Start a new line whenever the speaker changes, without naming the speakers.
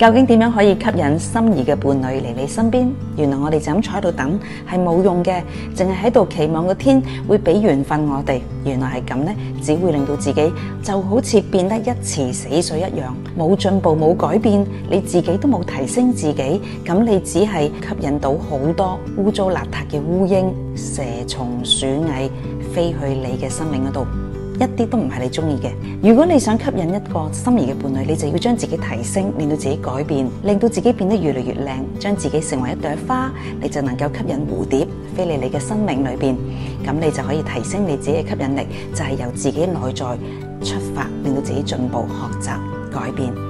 究竟點樣可以吸引心儀嘅伴侶嚟你身邊？原來我哋就咁坐喺度等係冇用嘅，淨係喺度期望個天會俾緣分我哋。原來係咁呢，只會令到自己就好似變得一池死水一樣，冇進步冇改變，你自己都冇提升自己，咁你只係吸引到好多污糟邋遢嘅烏蠅、蛇蟲、鼠蟻飛去你嘅生命嗰度。一啲都唔係你中意嘅。如果你想吸引一個心儀嘅伴侶，你就要將自己提升，令到自己改變，令到自己變得越嚟越靚，將自己成為一朵花，你就能夠吸引蝴蝶飛嚟你嘅生命裏面。咁你就可以提升你自己嘅吸引力，就係由自己內在出發，令到自己進步、學習、改變。